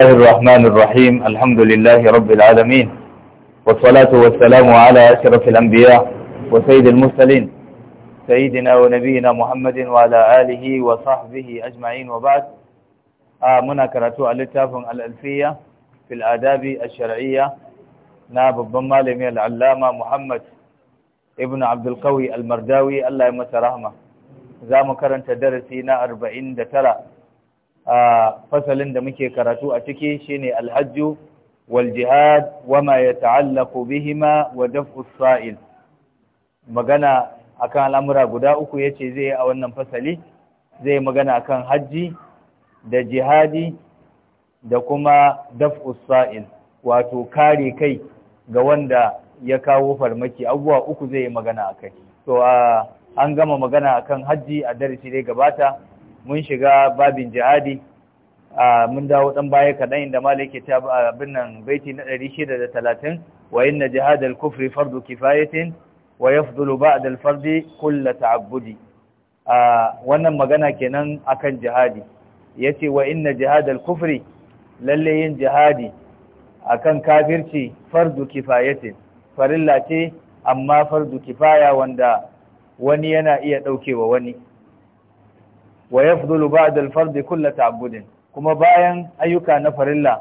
الله الرحمن الرحيم الحمد لله رب العالمين والصلاة والسلام على أشرف الأنبياء وسيد المرسلين سيدنا ونبينا محمد وعلى آله وصحبه أجمعين وبعد منا كراتو ألتافن الألفية في الآداب الشرعية ناب الضمال من العلامة محمد ابن عبد القوي المرداوي الله يمسى رحمه زام كرنت درسينا أربعين دترى a fasalin da muke karatu a ciki shine alhajju wal jihad wama yata'allaqu bihima wa daf'u sa'il magana akan al'amura guda uku yace zai a wannan fasali zai magana akan haji da jihadi da kuma daf'u sa'il wato kare kai ga wanda ya kawo farmaki abubuwa uku zai magana akai to an gama magana akan haji a darasi dai gabata mun shiga babin jihadi mun dawo ɗan baya kaɗan inda malik ta abin nan baiti na 630 wa inna jihadal kufri fardu kifayatin wa yafdulu ba'da fardi kulla ta'abbudi wannan magana kenan akan jihadi yace wa inna jihadal kufri lalle yin jihadi akan kafirci fardu kifayatin farilla ce amma fardu kifaya wanda wani yana iya wa wani wa yafdulu ba'da al-fard kullu ta'abbudin kuma bayan ayyuka na farilla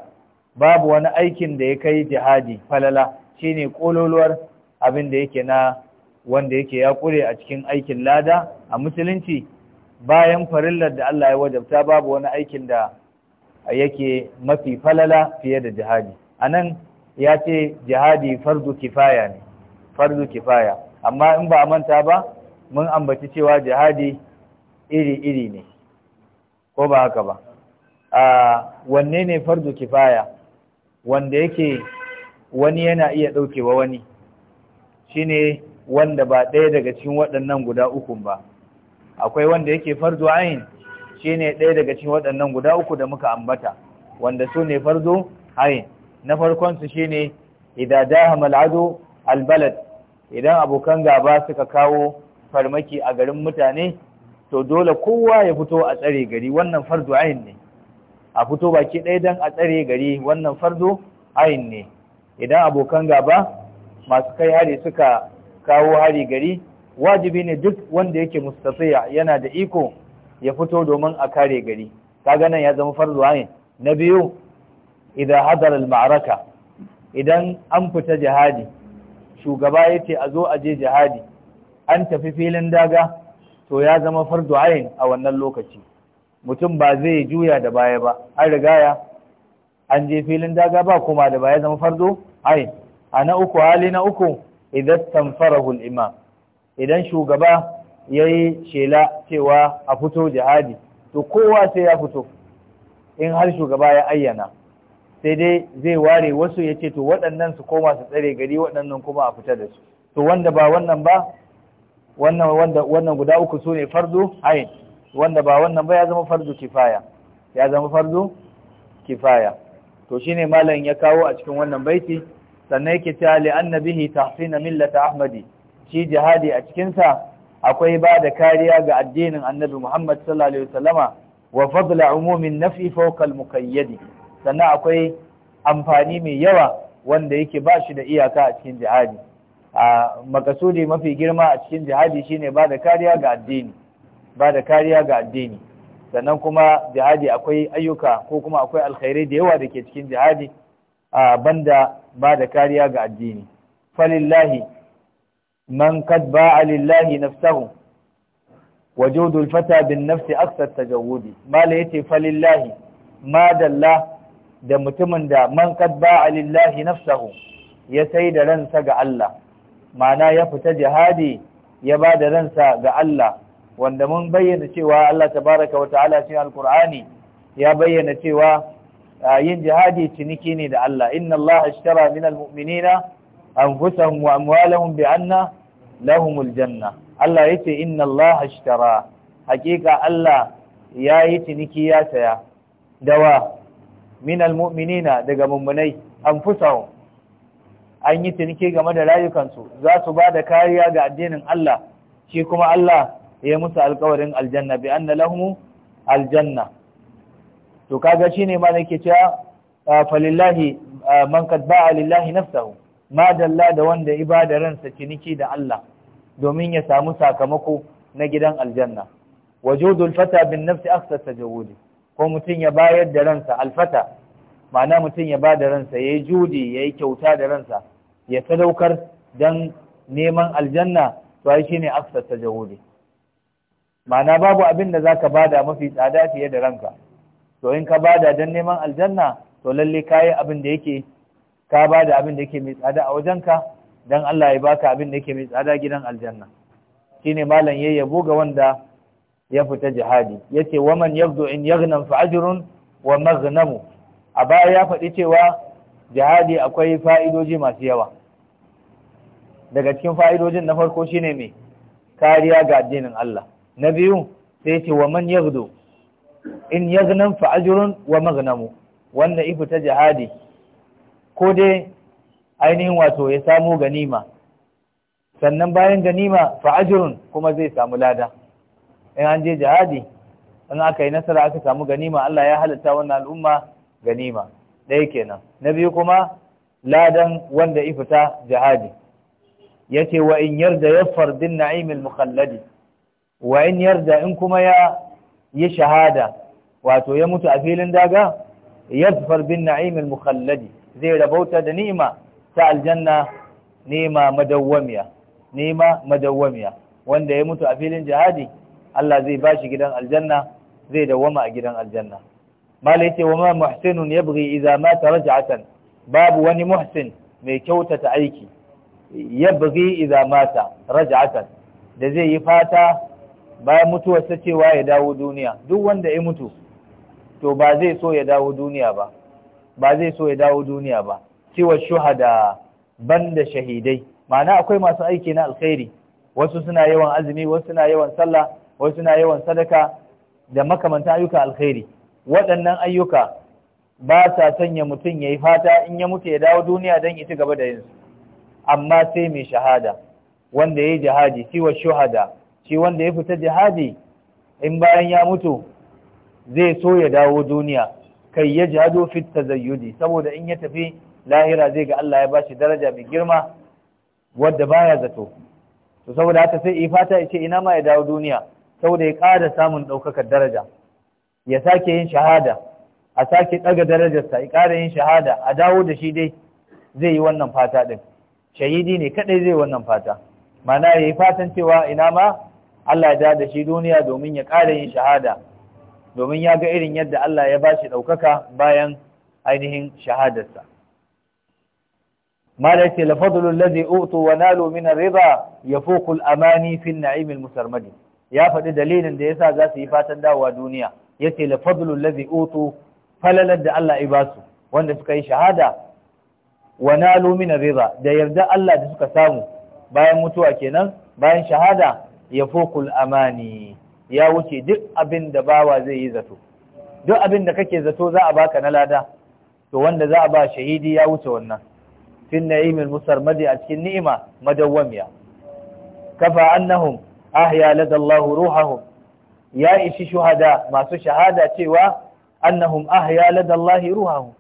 babu wani aikin da ya kai jihadi falala shine kololuwar abin da yake na wanda yake ya kure a cikin aikin lada a musulunci bayan farillar da Allah ya wajabta babu wani aikin da yake mafi falala fiye da jihadi anan ya ce jihadi fardu kifaya ne fardu kifaya amma in ba a manta ba mun ambaci cewa jihadi iri-iri ne ko ba haka ba a wanne ne fardu kifaya wanda yake wani yana iya ɗaukewa wani shine wanda ba ɗaya daga cikin waɗannan guda uku ba akwai wanda yake fardu ayin shine ɗaya daga cikin waɗannan guda uku da muka ambata wanda su ne fardu ayin na farkon su shine idan dahama al'adu albalad idan abokan gaba suka kawo farmaki a garin mutane to dole kowa ya fito a tsare gari wannan fardu ayin ne a fito baki ɗaya don a tsare gari wannan fardu ayin ne idan abokan gaba masu kai hari suka kawo hari gari wajibi ne duk wanda yake mustafiya yana da iko ya fito domin a kare gari kaga nan ya zama fardu ayin na biyu idan hadar al-ma'araka idan an fita jihadi shugaba yace a zo a je jihadi an tafi filin daga to ya zama fardu ayin a wannan lokaci mutum ba zai juya da baya ba an rigaya an je filin daga ba kuma da baya zama fardu ayin a na uku hali na uku idan tamfarahu imam idan shugaba ya yi shela cewa a fito jihadi to kowa sai ya fito in har shugaba ya ayyana sai dai zai ware wasu ya ce to waɗannan su koma su tsare gari waɗannan kuma a fita da su to wanda ba wannan ba wannan wanda wannan guda uku sune fardu ayin, wanda ba wannan ba ya zama fardu kifaya ya zama fardu kifaya to shine malam ya kawo a cikin wannan baiti sannan yake cewa li annabihi tahsina millata ahmadi shi jihadi a cikin sa akwai ba da kariya ga addinin annabi Muhammad sallallahu alaihi wasallama wa fadla umumin nafi fawqa al sannan akwai amfani mai yawa wanda yake ba shi da iyaka a cikin jihadi a makasudi mafi girma a cikin jihadi shine ba da kariya ga addini ba da kariya ga addini sannan kuma jihadi akwai ayyuka ko kuma akwai alkhairai da yawa da ke cikin jihadi a banda ba da kariya ga addini falillahi man kad a lillahi nafsahu wajudul fata bin nafsi aksar tajawudi mala yace falillahi ma dalla da mutumin da man kad a lillahi nafsahu ya sai da ransa ga Allah ma'ana ya fita jihadi ya ba da ransa ga Allah wanda mun bayyana cewa Allah tabaraka wa ta'ala cikin alkur'ani ya bayyana cewa yin jihadi ciniki ne da Allah inna Allah ashtara min almu'minina anfusahum wa amwalahum bi anna lahumul janna Allah yace inna Allah ashtara hakika Allah yayi ciniki ya saya dawa min almu'minina daga mummunai anfusahum an yi ciniki game da rayukansu za su ba da kariya ga addinin Allah shi kuma Allah ya musu alkawarin aljanna bi anna lahum aljanna to kaga shine ma nake cewa falillahi man qad ba'a lillahi nafsahu ma dalla da wanda ibada ransa ciniki da Allah domin ya samu sakamako na gidan aljanna wajudul fata bin nafsi aksa tajawudi ko mutun ya bayar da ransa alfata ma'ana mutum ya ba da ransa yayi judi yayi kyauta da ransa ya sadaukar dan neman aljanna to ai shine aksar tajawudi mana babu abin da za zaka bada mafi tsada fiye da ranka to in ka bada dan neman aljanna to lalle kai abin da yake ka bada abin da yake mai tsada a wajenka dan Allah ya baka abin da yake mai tsada gidan aljanna shine malam yayi yabo ga wanda ya fita jihadi yace waman yaghdu in yaghnam fa ajrun wa maghnamu a baya ya faɗi cewa jihadi akwai fa'idoji masu yawa daga cikin fa'idojin na farko shine mai kariya ga addinin Allah na biyu sai ce wa man yaghdu in yaghnan fa ajrun wa maghnamu wanda ifu ta jihadi ko dai ainihin wato ya samu ganima sannan bayan ganima fa kuma zai samu lada in an je jihadi in aka yi nasara aka samu ganima Allah ya halatta wannan al'umma ganima ɗaya kenan na biyu kuma ladan wanda ifita jihadi yace wa in yarda yafar bin na'imil mukhalladi wa in yarda in kuma ya yi shahada wato ya mutu a filin daga yafar bin na'imil mukhalladi zai rabauta da ni'ima ta aljanna ni'ima madawwamiya ni'ima madawwamiya wanda ya mutu a filin jihadi Allah zai bashi gidan aljanna zai dawwama a gidan aljanna malai ce wa ma muhsinun yabghi idza mata babu wani muhsin mai kyautata aiki Ya yabghi idza mata raj'atan da zai yi fata bayan ta cewa ya dawo duniya duk wanda ya mutu to ba zai so ya dawo duniya ba ba zai so ya dawo duniya ba cewa shuhada banda shahidai ma'ana akwai masu aiki na alkhairi wasu suna yawan azumi wasu suna yawan sallah wasu suna yawan sadaka da makamantan ayyukan alkhairi waɗannan ayyuka ba sa sanya mutum ya yi fata in ya mutu ya dawo duniya don ita gaba da yinsu amma sai mai shahada wanda ya yi jihadi shi wa shuhada shi wanda ya fita jihadi in bayan ya mutu zai so ya dawo duniya kai ya jihado fit tazayyudi saboda in ya tafi lahira zai ga Allah ya bashi daraja mai girma wadda baya zato to saboda haka sai ifata ya ce ina ma ya dawo duniya saboda ya ƙara samun ɗaukakar daraja ya sake yin shahada a sake ɗaga darajarsa ya ƙara yin shahada a dawo da shi dai zai yi wannan fata ɗin shahidi ne kaɗai zai wannan fata mana ya yi fatan cewa ina ma Allah ya da shi duniya domin ya ƙara yin shahada domin ya ga irin yadda Allah ya ba shi ɗaukaka bayan ainihin shahadarsa ما ليس لفضل الذي أوتوا ونالوا من الرضا يفوق الأماني في النعيم المسرمد يا فدي dalilin da yasa za su yi fatan dawowa duniya yace la fadlul ladhi utu falalar da Allah ya basu wanda suka yi shahada wa nalu min ridha da yarda Allah da suka samu bayan mutuwa kenan bayan shahada ya fokul amani ya wuce duk abin da bawa zai yi zato duk abin da kake zato za a baka na lada to wanda za a ba shahidi ya wuce wannan fin na'imin musarmadi a cikin ni'ima madawwamiya kafa annahum ahya ladallahu ruhahum ya ishi shuhada masu shahada cewa annahum ahya ladallahi ruhahu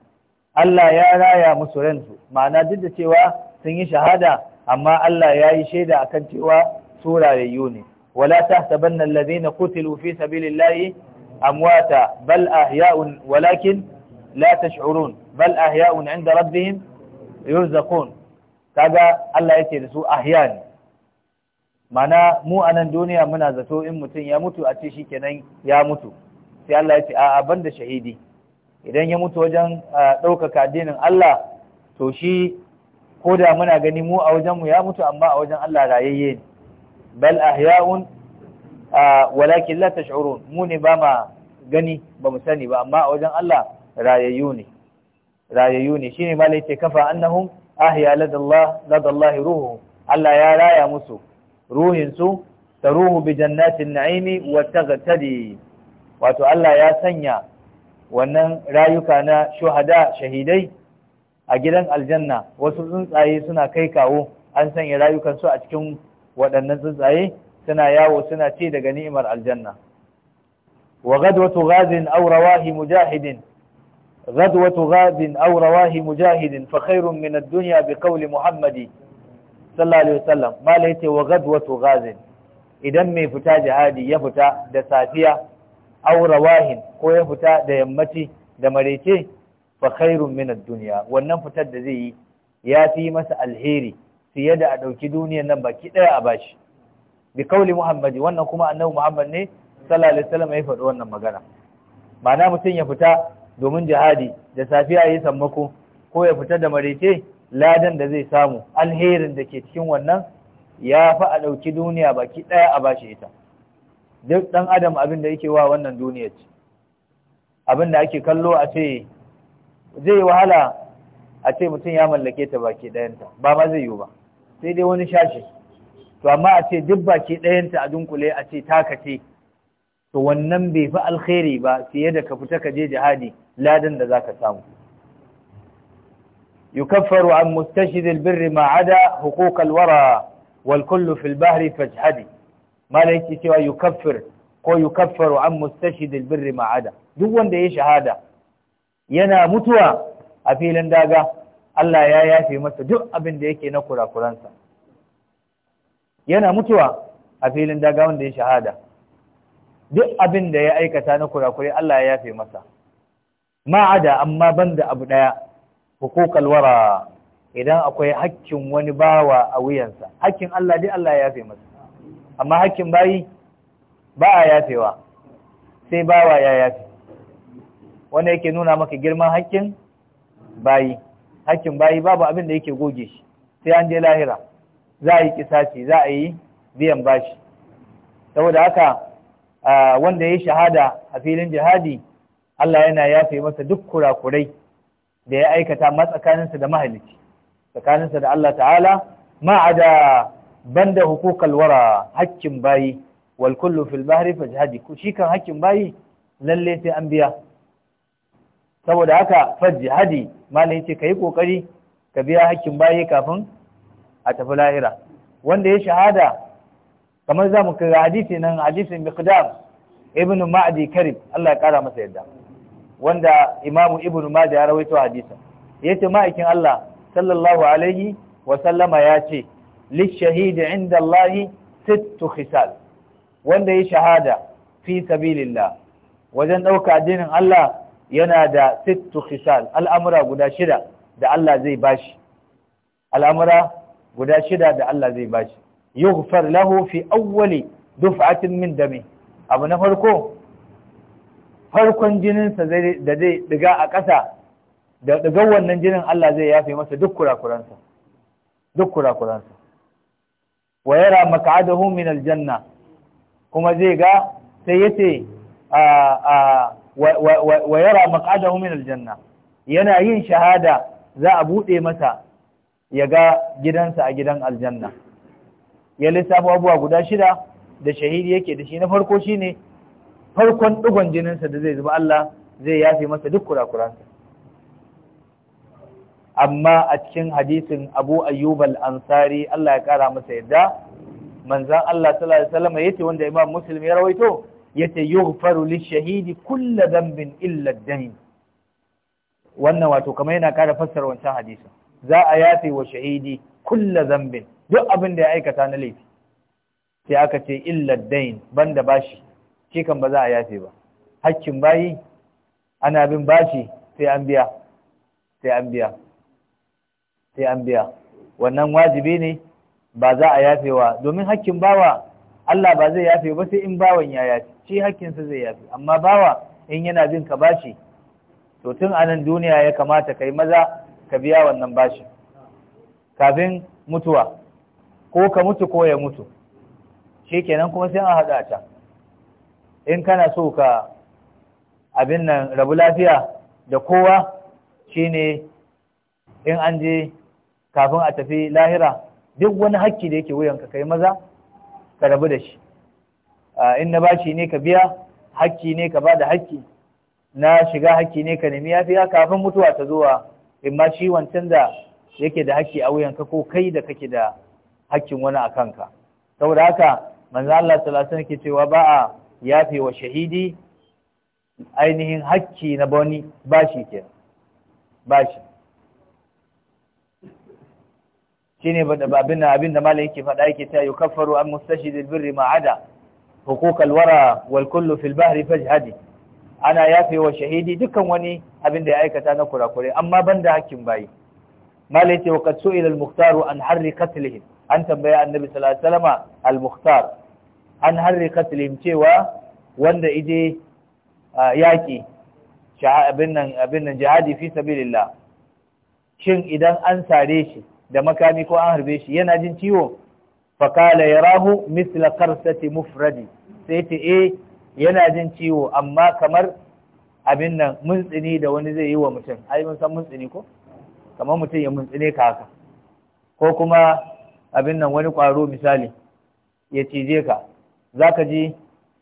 Allah ya raya musu ransu ma'ana duk da cewa sun yi shahada amma Allah ya yi shaida akan cewa su rayayyu ne wala tahsabanna alladhina qutilu fi sabilillahi amwata bal ahya'un walakin la tash'urun bal ahya'un 'inda rabbihim yurzaqun kaga Allah yake da su ahya ne Ma'ana mu a nan duniya muna zato in mutum ya mutu a ce kenan ya mutu sai Allah ya ce a'a banda shahidi idan ya mutu wajen ɗaukaka addinin Allah to shi ko da muna gani mu a wajen mu ya mutu amma a wajen Allah rayayye ne bal ahya'un walakin la tash'urun mu ne ba ma gani ba mu sani ba amma a wajen Allah rayayyu ne rayayyu ne shine malai ce kafa annahum ahya ladallah ladallahi ruhu Allah ya raya musu ruhinsu ta ruhu bi jannatin na'imi wa taghtadi wato Allah ya sanya wannan rayuka na shuhada shahidai a gidan aljanna wasu tsuntsaye suna kai kawo an sanya rayukansu a cikin waɗannan tsuntsaye suna yawo suna ce daga ni'imar aljanna wa gadwatu ghazin aw rawahi mujahidin غدوة غاد أو رواه مجاهد فخير من الدنيا بقول محمد sallallahu alaihi wasallam mala yace wa gadwatu ghazin idan mai fita jihadi ya fita da safiya aw rawahin ko ya fita da yammaci da marece fa khairun min ad-dunya wannan fitar da zai yi ya fi masa alheri fiye da a dauki duniyar nan baki daya a bashi bi kauli muhammadi wannan kuma annabi muhammad ne sallallahu alaihi wasallam ya faɗi wannan magana ma'ana mutum ya fita domin jihadi da safiya yi sammako ko ya fita da marece ladan da zai samu alherin da ke cikin wannan ya fi a ɗauki duniya baki ɗaya a bashi ita duk ɗan adam abin da yake wa wannan duniya ce abin da ake kallo a ce zai wahala a ce mutum ya mallake ta baki ɗayanta ba ma zai yiwu ba sai dai wani shashi to amma a ce duk baki ɗayanta a dunkule a ce taka ce to wannan bai fi alheri ba fiye da ka fita ka je jihadi ladan da za ka samu يكفر عن مستشد البر ما عدا حقوق الورى والكل في البحر فاجحدي ما ليس سوى يكفر ko yukaffaru an mustashidil birri ma'ada duk wanda ya shahada yana mutuwa a filin daga Allah ya yafe masa duk abin da yake na kurakuransa yana mutuwa a filin daga wanda ya shahada duk abin da ya aikata na kurakurai Allah ya yafe masa ma'ada amma banda abu daya hukukal wara idan akwai hakkin wani bawa a wuyansa hakkin Allah dai Allah ya yafe masa amma hakkin bayi ba a yafewa sai bawa ya yafe wanda yake nuna maka girman hakkin bayi hakkin bayi babu abin da yake goge shi sai an je lahira za a yi kisaci za a yi biyan bashi saboda haka ah, wanda ya yi shahada a filin jihadi Allah yana yafe masa duk kurakurai da ya aikata ma tsakaninsa da mahalicci tsakaninsa da Allah ta'ala ma'ada banda hukukal wara hakkin bayi wal kullu fil bahri fajhadi shi kan hakkin bayi lalle sai an biya saboda haka fajhadi ce ka yi kokari ka biya hakkin bayi kafin a tafi lahira wanda ya shahada kamar zamu kira hadisi nan hadisin miqdam ibn ma'adi karib Allah ya ƙara masa yadda wanda imamu Ibn majah ya rawaito hadisin yace ma'aikin Allah sallallahu alaihi wa sallama yace shahidi inda Allah sittu khisal wanda ya shahada fi sabilillah wajen dauka addinin Allah yana da sittu khisal al'amura guda shida da Allah zai bashi al'amura guda shida da Allah zai bashi yughfar lahu fi awwali duf'atin min dami abu na farko farkon jininsa da zai diga a ƙasa da digar wannan jinin Allah zai yafe masa duk kurakuransa duk kurakuransa wa yara maka'adahu min aljanna kuma zai ga sai yace a a wa yara maka'adahu min aljanna yana yin shahada za a bude masa ya ga gidansa a gidan aljanna ya lissafa abubuwa guda shida da shahidi yake da shi na farko shine farkon ɗigon jininsa da zai zuba Allah zai yafe masa duk kurakuransa amma a cikin hadisin Abu Ayyub al’ansari ansari Allah ya kara masa yadda manzan Allah salama ya ce yace wanda Imam Muslim ya rawaito yace yughfaru lish-shahidi kulla zambin illa dani. wannan wato kamar yana kara fassara wancan hadisin za a yafe wa shahidi kulla zambin duk abin da ya aikata na laifi sai aka ce illa dain ban banda bashi ke kan ba za a yafe ba hakkin bayi ana bin bashi sai an biya sai an biya sai an biya wannan wajibi ne ba za a yafe wa? domin hakkin bawa Allah ba zai yafe ba sai in bawan ya yafe shi hakkinsa zai yafe amma bawa in yana bin ka bashi to tun a nan duniya ya kamata kai maza ka biya wannan bashi kafin mutuwa ko ka mutu ko ya mutu kenan kuma sai an haɗa ta in kana so ka abin nan rabu lafiya da kowa shine in an je kafin a tafi lahira duk wani hakki da yake wuyanka kai maza ka rabu da shi in na bashi ne ka biya hakki ne ka ba da hakki na shiga hakki ne ka nemi yafiya kafin mutuwa ta zuwa in ma shi wancan da yake da hakki a wuyan ka ko kai da kake da hakkin wani a kanka saboda haka manzo Allah sallallahu alaihi wasallam ke cewa ba a yafe wa shahidi ainihin hakki na bani bashi ke bashi shine abin da abin da malai yake faɗa yake ta kafaru an mustashhid albirri ma ada huquq alwara wal fil bahri fajhadi ana yafe wa shahidi dukkan wani abin da ya aikata na kurakurai amma banda hakkin bayi malai ce wa qad su'ila al an harri qatlihi an tambaya annabi sallallahu alaihi wasallama al muktar an harri katlin cewa wanda ije yaƙi abin nan jihadi fi sabilillah shin idan an sare shi da makami ko an harbe shi yana jin ciwo fakala ya rahu misla karsati mufradi sai ta e eh, yana jin ciwo amma kamar abin nan muntsini da wani zai yi wa mutum ai mun san muntsini ko kamar mutum ya muntsine ka haka ko kuma abin nan wani kwaro misali ya cije ka Za ka ji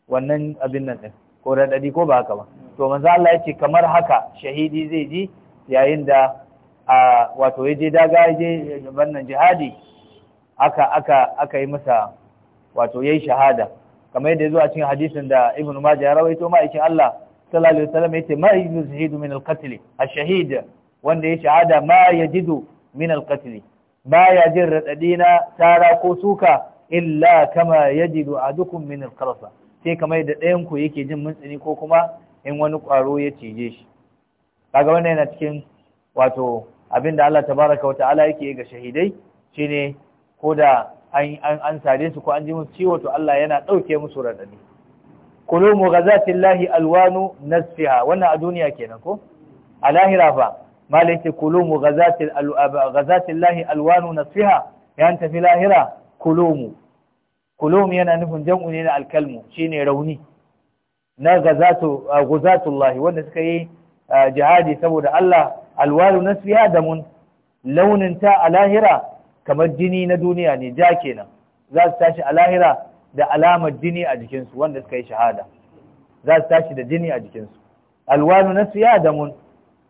wannan abin nan ɗin ko raɗaɗi ko ba haka ba to manzo Allah ce kamar haka shahidi zai ji yayin da a wato je daga je wannan jihadi aka aka aka yi masa wato yayi shahada kamar yadda zuwa cikin hadisin da Ibn Majah ya rawaito ma Allah sallallahu alaihi wasallam yace ma yajidu shahidu min al-qatl ash-shahid wanda ya shahada ma yajidu min al ba ya jin raɗaɗi na tara ko suka illa kama yajidu adukum min alqarsa sai kamar da ɗayan ku yake jin muntsini ko kuma in wani ƙwaro ya cije shi kaga wannan yana cikin wato abinda Allah tabaraka wa ta'ala yake ga shahidai shine ko da an an sare su ko an ji musu ciwo to Allah yana ɗauke musu radadi qulumu ghazatillahi alwanu nasfiha wannan a duniya kenan ko a lahira fa malaka qulumu ghazatil alwanu nasfiha yan tafi lahira kulomu kulomu yana nufin jam'u ne na alkalmu shine rauni na gazatu guzatullahi wanda suka yi jihadi saboda Allah alwalu nasfiha damun launin ta a lahira kamar jini na duniya ne ja kenan za su tashi a lahira da alamar jini a jikinsu wanda suka yi shahada za su tashi da jini a jikinsu alwanu na siya da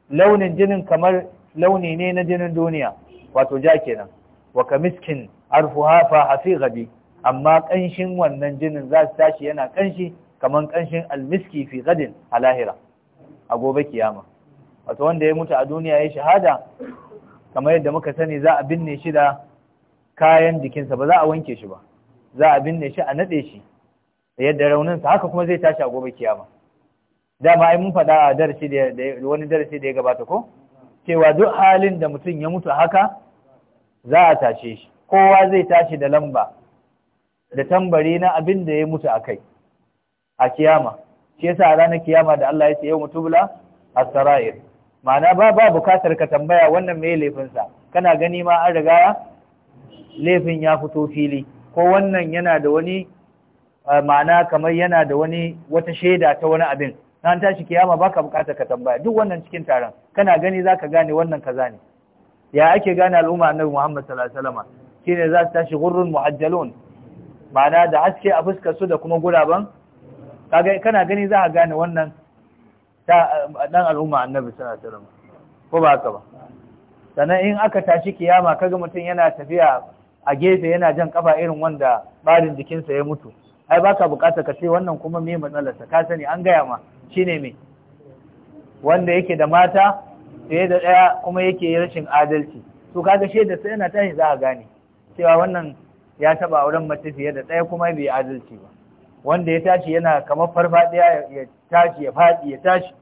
launin jinin kamar launi ne na jinin duniya wato ja kenan wa kamiskin. arfuha fa gadi. amma kanshin wannan jinin za su tashi yana kanshi kaman kanshin almiski fi gadin a lahira a gobe kiyama wato wanda ya mutu a duniya ya shahada kamar yadda muka sani za a binne shi da kayan jikinsa ba za a wanke shi ba za a binne shi a nade shi da yadda rauninsa haka kuma zai tashi a gobe kiyama dama ai mun faɗa a darasi da wani darasi da ya gabata ko cewa duk halin da mutum ya mutu haka za a tashe shi kowa zai tashi da lamba da tambari na abin da ya mutu a kai a kiyama shi yasa a ranar kiyama da Allah ya ce yau mutubula a sarair ma'ana ba ba bukatar ka tambaya wannan mai laifinsa. kana gani ma an riga laifin ya fito fili ko wannan yana da wani eh, ma'ana kamar yana da wani wata shaida ta wani abin an tashi kiyama baka bukatar ka tambaya duk wannan cikin taron kana gani zaka gane wannan kaza ne ya ake gane al'umma annabi Muhammad sallallahu alaihi wasallam shine za su tashi gurrun mu'ajjalun ma'ana da haske a fuskar su da kuma guraben kana gani za a gane wannan ta dan al'umma annabi sallallahu alaihi wasallam ko ba haka ba sannan in aka tashi kiyama kaga mutum yana tafiya a gefe yana jan kafa irin wanda barin jikinsa ya mutu ai baka bukata ka ce wannan kuma me matsalarsa ka sani an gaya ma shine me wanda yake da mata fiye da daya kuma yake rashin adalci to kaga da sai yana tashi za a gane cewa wannan ya taba auren mace fiye da ɗaya kuma bai adalci ba wanda ya tashi yana kamar farfadiya ya tashi ya faɗi ya tashi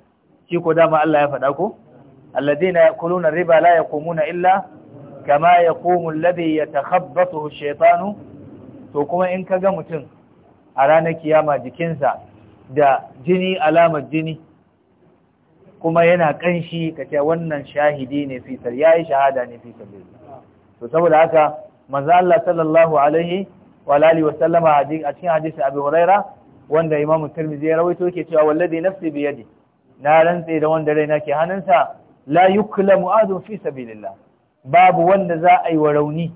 shi ko dama Allah ya faɗa ko alladheena ya'kuluna riba la yaqumuna illa kama yaqumu alladhi yatakhabbathu ash-shaytanu to kuma in ka ga mutum a ranar kiyama jikinsa da jini alamar jini kuma yana kanshi kace wannan shahidi ne fitar yayi shahada ne fitar to saboda haka manzo Allah sallallahu alaihi wa alihi wa sallama a cikin hadisi Abu Huraira wanda Imam Tirmidhi ya rawaito yake cewa wallazi nafsi bi yadi na rantse da wanda raina ke hannunsa la yuklamu adun fi sabilillah babu wanda za a yi wa rauni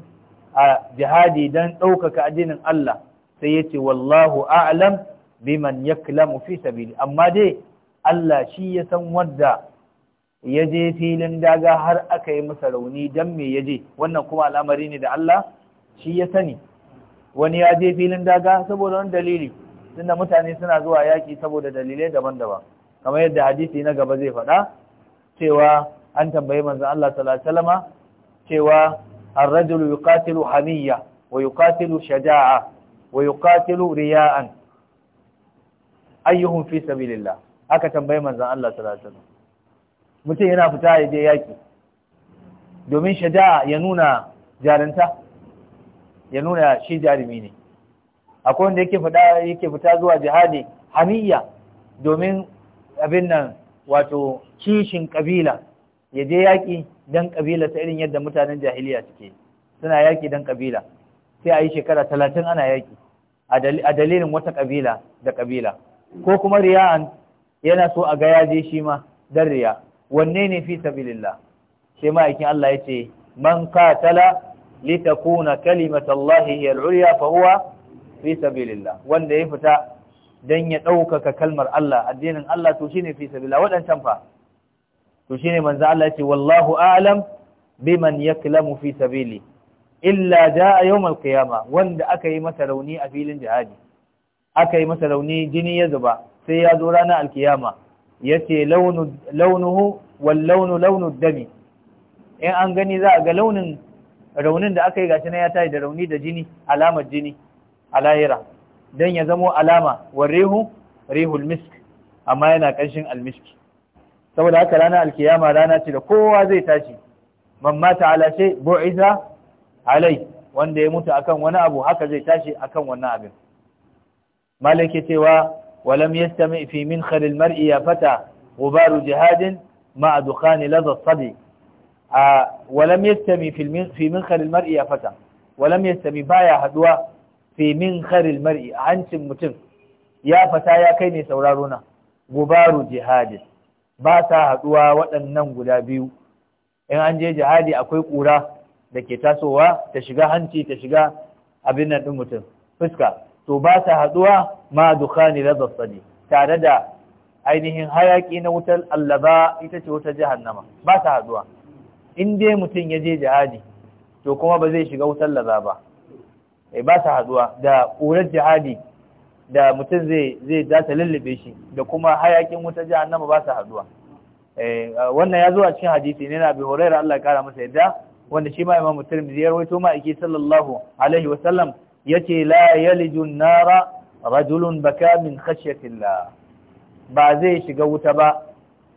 a jihadi dan ɗaukaka addinin Allah sai yace wallahu a'lam biman yaklamu fi sabili amma dai Allah shi ya san wanda ya je filin daga har aka yi masa rauni dan me ya je wannan kuma al'amari ne da Allah shi ya sani wani ya je filin daga saboda wani dalili tunda mutane suna zuwa yaƙi saboda dalilai daban-daban kamar yadda hadisi na gaba zai faɗa cewa an tambayi manzan Allah salama cewa an rajulu yuqatilu hamiyya wa yuqatilu shaja'a wa yuqatilu riya'an ayyuhum fi sabilillah aka tambayi manzan Allah sallallahu alaihi wasallam mutum yana fita ya je yaƙi domin shaja'a ya nuna jarinta ya nuna shi jarumi ne akwai wanda yake fita yake fita zuwa jihadi hamiya domin abin nan wato kishin kabila ya je yaƙi dan kabila ta irin yadda mutanen jahiliya suke suna yaƙi dan kabila sai a yi shekara talatin ana yaƙi a dalilin wata kabila da kabila ko kuma riya'an yana so a ga ya je shi ma don riya wanne ne fi sabilillah sai ma'aikin Allah ya ce man qatala litakuna kalimatullahi hiya ulya fa huwa fi sabilillah wanda ya fita dan ya ɗaukaka kalmar Allah addinin Allah to shine fi sabilillah wadancan fa to shine manzo Allah ya ce wallahu a'lam biman yaklamu fi sabili illa jaa yawm qiyamah wanda aka yi masa rauni a filin jihadi aka yi masa rauni jini ya zuba sai ya zo ranar alkiyama yace launuhu wal launu launu dami in an gani za a ga launin raunin da aka yi gashi na ya tayi da rauni da jini alamar jini ala'ira, dan ya zamo alama warihu rihul misk amma yana al almiski saboda haka rana alkiyama rana ce da kowa zai tashi man mata ala bu'iza alai wanda ya mutu akan wani abu haka zai tashi akan wannan abin malike cewa ولم يستمع في منخل المرء يا فتى غبار جهاد مع دخان لدى الصدي ولم يستمع في في منخل المرء يا فتى ولم يستمع بايا في منخر المرء hancin mutum ya fata ya kai ne sauraro na gubaru jihadi ba sa haduwa waɗannan guda biyu in an je jihadi akwai ƙura da ke tasowa ta shiga hanci ta shiga abin nan ɗin mutum fuska to ba sa haduwa ma dukani ladha sadi tare da ainihin hayaki na wutar allaba ita ce wutar jahannama ba ta haduwa in dai mutum ya je jihadi to kuma ba zai shiga wutar laza ba eh ba ta haduwa da ƙurar jihadi da mutum zai zai za ta lullube shi da kuma hayakin wutar jahannama ba ta haduwa eh wannan ya zo a cikin hadisi ne na Abi Hurairah Allah ya kara masa yadda wanda shi ma Imam Tirmidhi ya rawaito ma ake sallallahu alaihi wasallam yace la yalijun nara rajulun baka min khashyatillah ba zai shiga wuta ba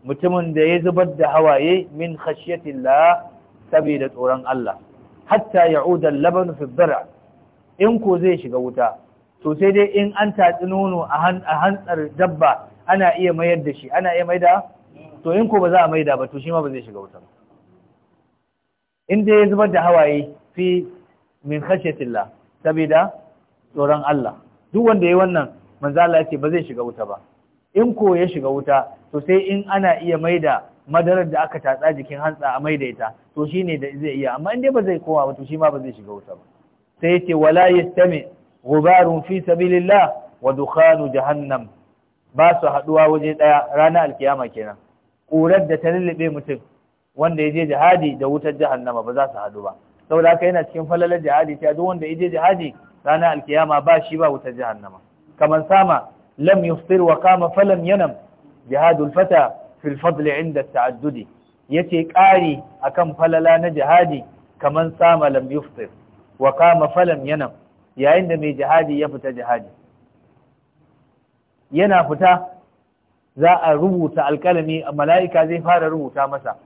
mutumin da ya zubar da hawaye min khashyatillah saboda tsoron Allah hatta ya'uda al-laban fi dhar in ko zai shiga wuta to sai dai in an tatsi nono a hantsar dabba ana iya mayar da shi ana iya maida to in ko ba za a maida ba to shi ma ba zai shiga wuta ba in dai ya zubar da hawaye fi min khashyatillah saboda tsoron Allah duk wanda ya wannan manzo Allah ya ba zai shiga wuta ba in ko ya shiga wuta to sai in ana iya maida madarar da aka tatsa jikin hantsa a maida ita to shine da zai iya amma in dai ba zai koma ba to shi ma ba zai shiga wuta ba sai yace wala yastami gubarun fi sabilillah wa dukhanu jahannam ba su haduwa waje daya ranar alkiyama kenan ƙurar da ta lullube mutum wanda ya je jihadi da wutar jahannama ba za su haɗu ba saboda haka yana cikin falalar jihadi ta duk wanda ya je jihadi ranar alkiyama ba shi ba wuta jahannama kaman sama lam yuftir wa qama falam yanam jihadul fata fil fadl inda ta'addudi yace ƙari akan falala na jihadi kaman sama lam yuftir wa qama falam yanam yayin da mai jihadi ya fita jihadi yana fita za a rubuta alkalami mala'ika zai fara rubuta masa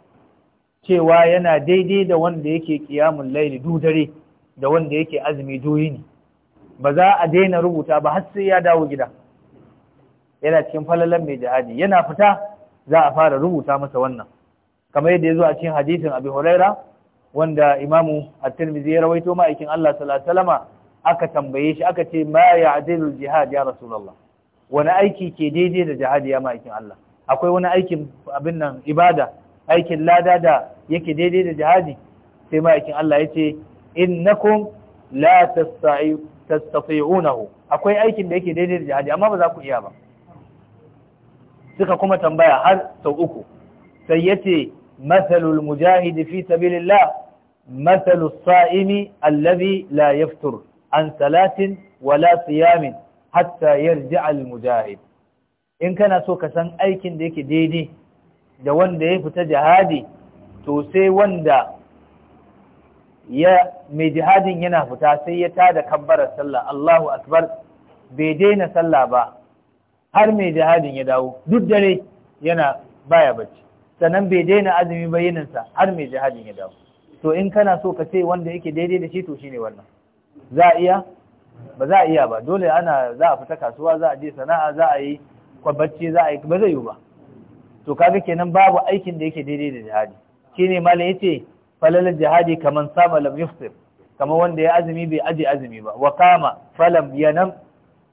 cewa yana daidai da wanda yake kiyamun laili dudare da wanda yake azumi duyini ba za a daina rubuta ba har sai ya dawo gida yana cikin falalan mai jihadi yana fita za a fara rubuta masa wannan kamar yadda ya zo a cikin hadisin abu huraira wanda imamu at-tirmidhi ya rawaito ma'aikin Allah sallallahu aka tambaye shi aka ce ma ya'dilu jihad ya rasulullah wani aiki ke daidai da jihadi ya ma'aikin Allah akwai wani aikin abin nan ibada aikin lada da yake daidai da jihadi sai ma'aikin Allah ya ce innakum la tastati'unahu akwai aikin da yake daidai da jihadi amma ba za ku iya ba suka kuma tambaya har sau uku sai yace mathalul mujahid fi sabilillah mathalus sa'imi allazi la yaftur an salatin wala siyamin hatta yarji'a al mujahid in kana so ka san aikin da yake daidai da wanda ya fita jihadi to sai wanda ya mai jihadin yana fita sai ya tada kabbarar sallah Allahu akbar bai daina sallah ba har mai jihadin ya dawo duk dare yana baya bacci sannan bai daina azumi ba yininsa har mai jihadin ya dawo to in kana so ka ce wanda yake daidai da shi to shine wannan za a iya ba za a iya ba dole ana za a fita kasuwa za a je sana'a za a yi kwabacci za a yi ba zai yi ba to kaga kenan babu aikin da yake daidai da jihadi shine malai ce? falalar jihadi kaman sama lam yuftir kamar wanda ya azumi bai aje azumi ba wa kama falam yanam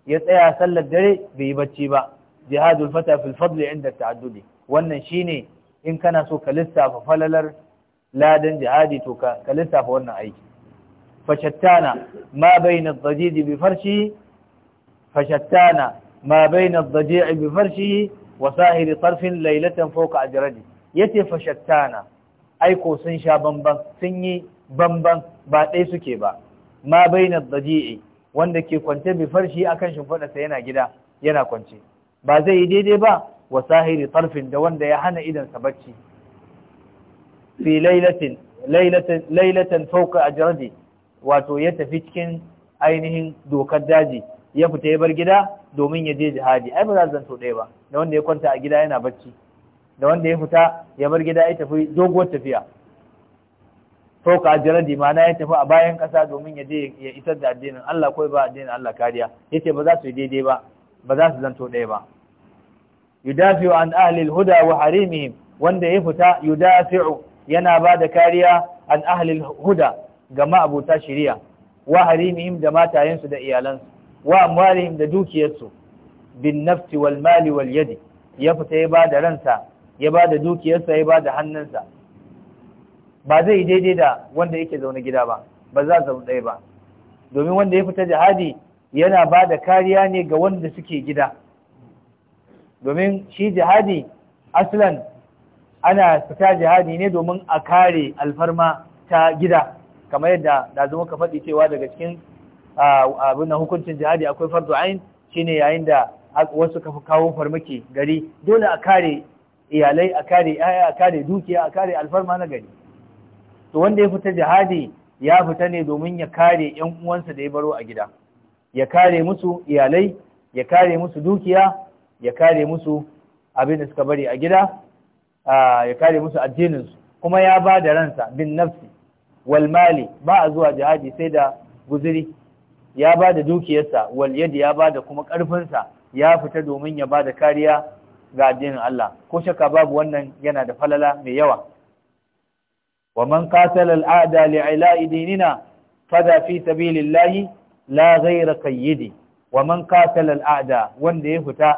ya tsaya sallar dare bai yi bacci ba jihadul fata fil fadli inda ta'addudi wannan shine in kana so ka lissafa falalar ladan jihadi to ka lissafa wannan aiki fashattana ma bayna ad-dajiji bi farshi fashattana ma bayna ad bi farshi wa sahiri tarfin laylatan fawqa ajradi yace fashattana aiko sun sha bamban sun yi bamban ba ɗaya suke ba ma bainar daji'i wanda ke kwance bi farshi akan shimfiɗarsa yana gida yana kwance ba zai yi daidai ba wa sahiri tarfin da wanda ya hana idansa bacci fi lailatin lailatan lailatan a ajradi wato ya tafi cikin ainihin dokar daji ya fita ya bar gida domin ya je jihadi ai ba za zanto ɗaya ba da wanda ya kwanta a gida yana bacci da wanda ya fita ya bar gida ya tafi doguwar tafiya To ka jira da ma'ana ya tafi a bayan kasa domin ya je ya isar da addinin Allah ko ba addinin Allah kariya yace ba za su yi daidai ba ba za su zanto ɗaya ba yudafi'u an ahli al-huda wa harimihim wanda ya fita yudafi'u yana ba da kariya an ahli al-huda ga ma'abuta shari'a wa harimihim da matayensu da iyalansu wa amwalihim da dukiyarsu bin nafsi wal mali wal yadi ya fita ya ba da ransa ya ba da dukiyarsa ya ba da hannunsa ba zai yi daidai da wanda yake zaune gida ba ba za zaune ɗaya ba domin wanda ya fita jihadi yana ba da kariya ne ga wanda suke gida domin shi jihadi aslan ana fita jihadi ne domin a kare alfarma ta gida kamar yadda da zama ka faɗi cewa daga cikin abin hukuncin jihadi akwai ayin shi ne yayin da wasu kafa kawo farmaki gari dole a kare iyalai a kare yaya a kare dukiya a kare alfarma na gari to wanda ya fita jihadi ya fita ne domin ya kare yan uwansa da ya baro a gida ya kare musu iyalai ya kare musu dukiya ya kare musu abin da suka bari a gida ya kare musu addininsu kuma ya ba da ransa bin nafsi wal mali ba a zuwa jihadi sai da guziri ya ba da dukiyarsa wal yadi ya ba da kuma karfinsa ya fita domin ya ba da kariya ga addinin Allah ko shakka babu wannan yana da falala mai yawa wa man qatala al'ada li'ila'i dinina fada fi sabilillahi la ghayra kayyidi wa man qatala al'ada wanda ya fita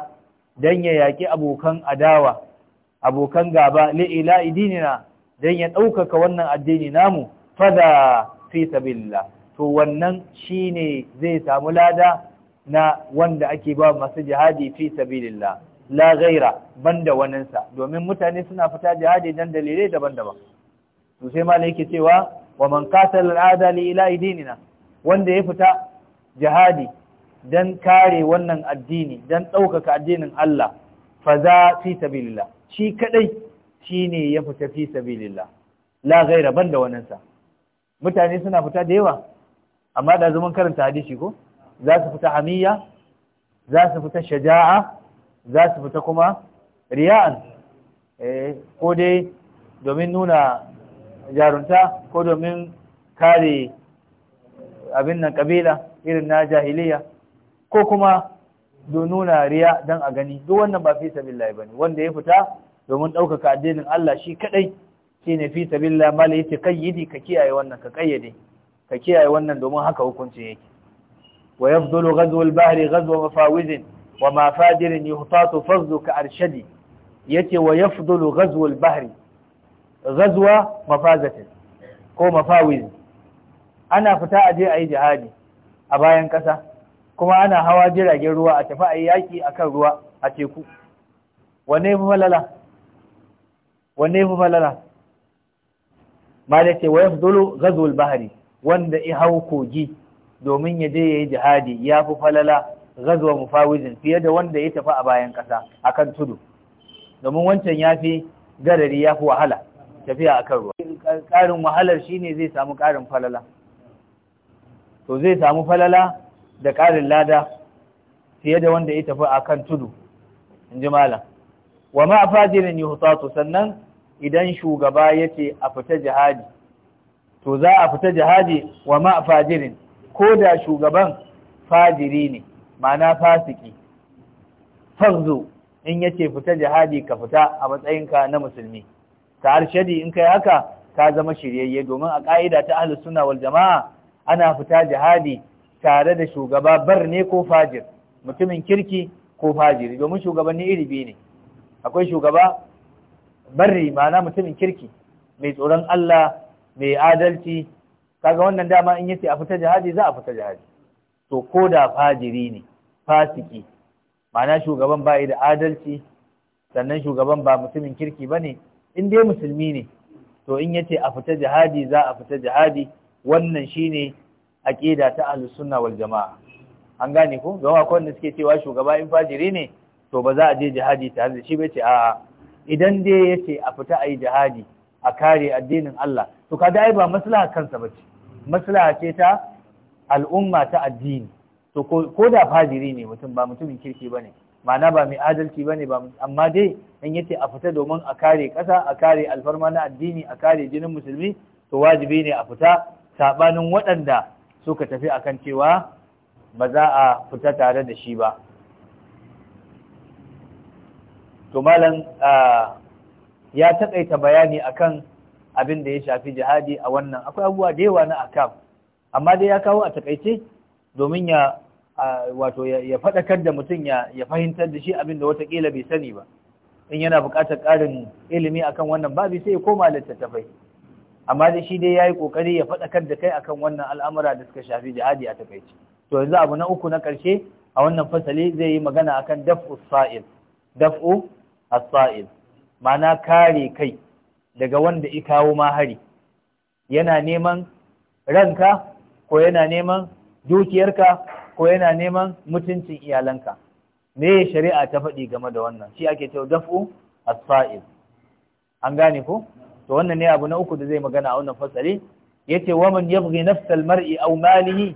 dan ya yaki abokan adawa abokan gaba li'ila'i dinina dan ya daukaka wannan addini namu fada fi sabilillah to wannan shine zai samu lada na wanda ake ba masu jihadi fi sabilillah la ban banda waninsa domin mutane suna fita jihadi dan dalilai daban-daban to sai malai yake cewa wa man qatala al'ada li ilahi dinina wanda ya fita jihadi dan kare wannan addini dan ɗaukaka addinin Allah fa za fi sabilillah shi kadai shine ya fita fi sabilillah la ban banda waninsa mutane suna fita da yawa amma da zaman karanta hadisi ko za su fita hamiya za su fita shaja'a za su fita kuma riya'an eh, ko dai domin nuna jarunta ko domin kare abin nan kabila irin na jahiliya ko kuma don nuna riya don a gani duk wannan ba fi ba ne. wanda ya fita domin ɗaukaka addinin Allah shi kadai ne fi sabilillah mala yace kayyidi ka kiyaye wannan ka kayyade ka kiyaye wannan domin haka hukunci yake wa yafdulu Gazuwar bahri ghazwa mafawizin wa ma fadirin yuhtatu ka arshadi yace wa yafdulu ghazwa al-bahri ghazwa mafazatin ko mafawiz ana fita aje ayi jihadi a bayan kasa kuma ana hawa jiragen ruwa a tafi ayi yaki akan ruwa a teku wanne yafi malala wanne yafi malala malace ce wa yafdulu ghazwa al-bahri wanda i hau kogi domin ya je yayi jihadi yafi falala gazuwa mufawizin fiye da wanda ya tafi a bayan ƙasa akan tudu domin wancan ya fi garari ya fi wahala tafiya akan ruwa ƙarin wahalar shi ne zai samu ƙarin falala to zai samu falala da ƙarin lada fiye da wanda ya tafi akan tudu in ji malam wa ma fajirin hutatu sannan idan shugaba ya ce a fita jihadi to za a fita jihadi wa ma fajirin ko da shugaban fajiri ne ma'ana fasiki farzu in yace fita jihadi ka fita a matsayinka na musulmi ta arshadi in kai haka ka zama shiryayye domin a ka'ida ta ahlus sunna wal jama'a ana fita jihadi tare da shugaba bar ne ko fajir mutumin kirki ko fajiri domin shugabanni iri biyu ne akwai shugaba barri ma'ana mutumin kirki mai tsoron Allah mai adalci kaga wannan dama in yace a fita jihadi za a fita jihadi to ko da fajiri ne fasiki ma'ana shugaban ba da adalci sannan shugaban ba mutumin kirki ba ne in dai musulmi ne to in yace a fita jihadi za a fita jihadi wannan shine aqida ta ahlus sunna wal jamaa an gane ko don akwai wanda suke cewa shugaba in fajiri ne to ba za a je jihadi tare da shi bai ce a idan dai yace a fita ayi jihadi a kare addinin Allah to kada ai ba maslaha kansa bace maslaha ce ta al'umma ta addini to ko da fajiri ne mutum ba mutumin kirki ba ne, ma'ana ba mai adalci ba ne. amma dai in yace a fita domin a kare ƙasa a kare alfarma na addini a kare jinin musulmi to wajibi ne a fita Saɓanin waɗanda suka tafi a kan cewa ba za a fita tare da shi ba to malam ya taƙaita bayani akan abin da ya shafi jihadi a wannan akwai abubuwa da yawa na akam amma dai ya kawo a takaice domin ya wato ya faɗakar da mutum ya fahimtar da shi abin da watakila bai sani ba in yana buƙatar ƙarin ilimi akan wannan babi sai ya koma littattafai amma dai shi dai ya yi ƙoƙari ya faɗakar da kai akan wannan al'amura da suka shafi jihadi a takaici to yanzu abu na uku na ƙarshe a wannan fasali zai yi magana akan daf'u sa'il daf'u as-sa'il ma'ana kare kai daga wanda ya kawo ma hari yana neman ranka ko yana neman dukiyarka ko yana neman mutuncin iyalanka me shari'a ta faɗi game da wannan shi ake cewa daf'u asfa'il an gane ko to wannan ne abu na uku da zai magana a wannan fasali yace waman yabghi nafsal mar'i aw malihi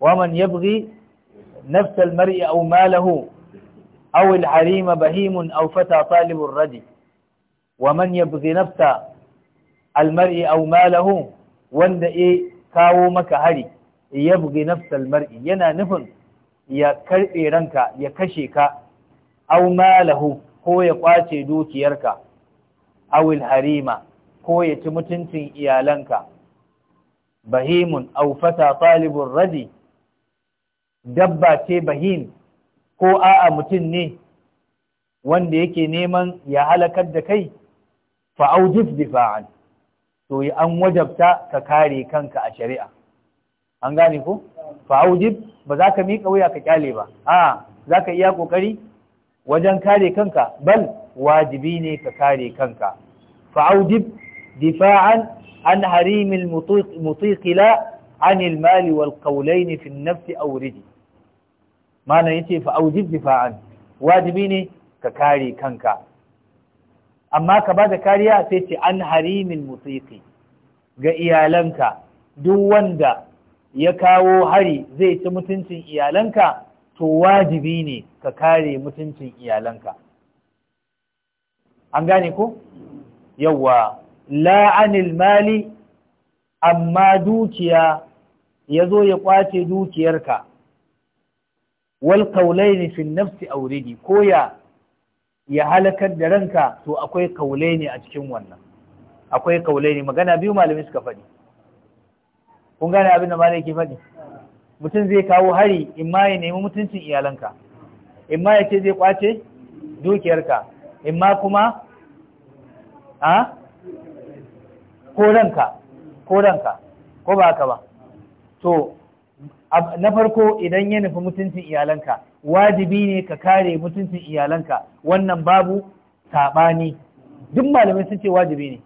waman yabghi nafsal mar'i aw malahu aw al-harima bahimun aw fata talibur radi waman yabghi nafsa al-mar'i aw malahu wanda e kawo maka hari ya bugi nafsal mar'i yana nufin ya karɓe ranka ya kashe ka au malahu ko ya kwace dukiyarka awil harima ko ya ci mutuncin iyalanka bahimun aw fata talibur radi dabba ce bahim ko a'a mutum ne wanda yake neman ya halakar da kai aujif difa'an to an wajabta ka kare kanka a shari'a an gane ko fa'aujib ba za ka miƙa wuya ka kyale ba a za ka iya ƙoƙari wajen kare kanka bal wajibi ne ka kare kanka fa'aujib difa'an an harimil mutiqila anil mali wal qawlain fi an-nafs aw riji mana yace fa'aujib difa'an wajibi ne ka kare kanka amma ka ba da kariya sai ce an harimin musiki ga iyalanka duk wanda ya kawo hari zai ci mutuncin iyalanka to wajibi ne ka kare mutuncin iyalanka an gane ko yawwa la'anil mali amma dukiya ya zo ya kwace dukiyarka wal kaulaini fi nafsi auridi ko ya ya halakar da ranka to akwai kaule ne a cikin wannan akwai kaule ne magana biyu malami suka faɗi kun gane abin da malami ke faɗi mutum zai kawo hari in ma ya nemi mutuncin iyalanka in ma ya ce zai kwace dukiyarka in ma kuma a ko ranka ko ranka ko ba haka ba to na farko idan ya nufi mutuncin iyalanka wajibi ne ka kare mutuncin iyalanka wannan babu saɓani duk malamai sun ce wajibi ne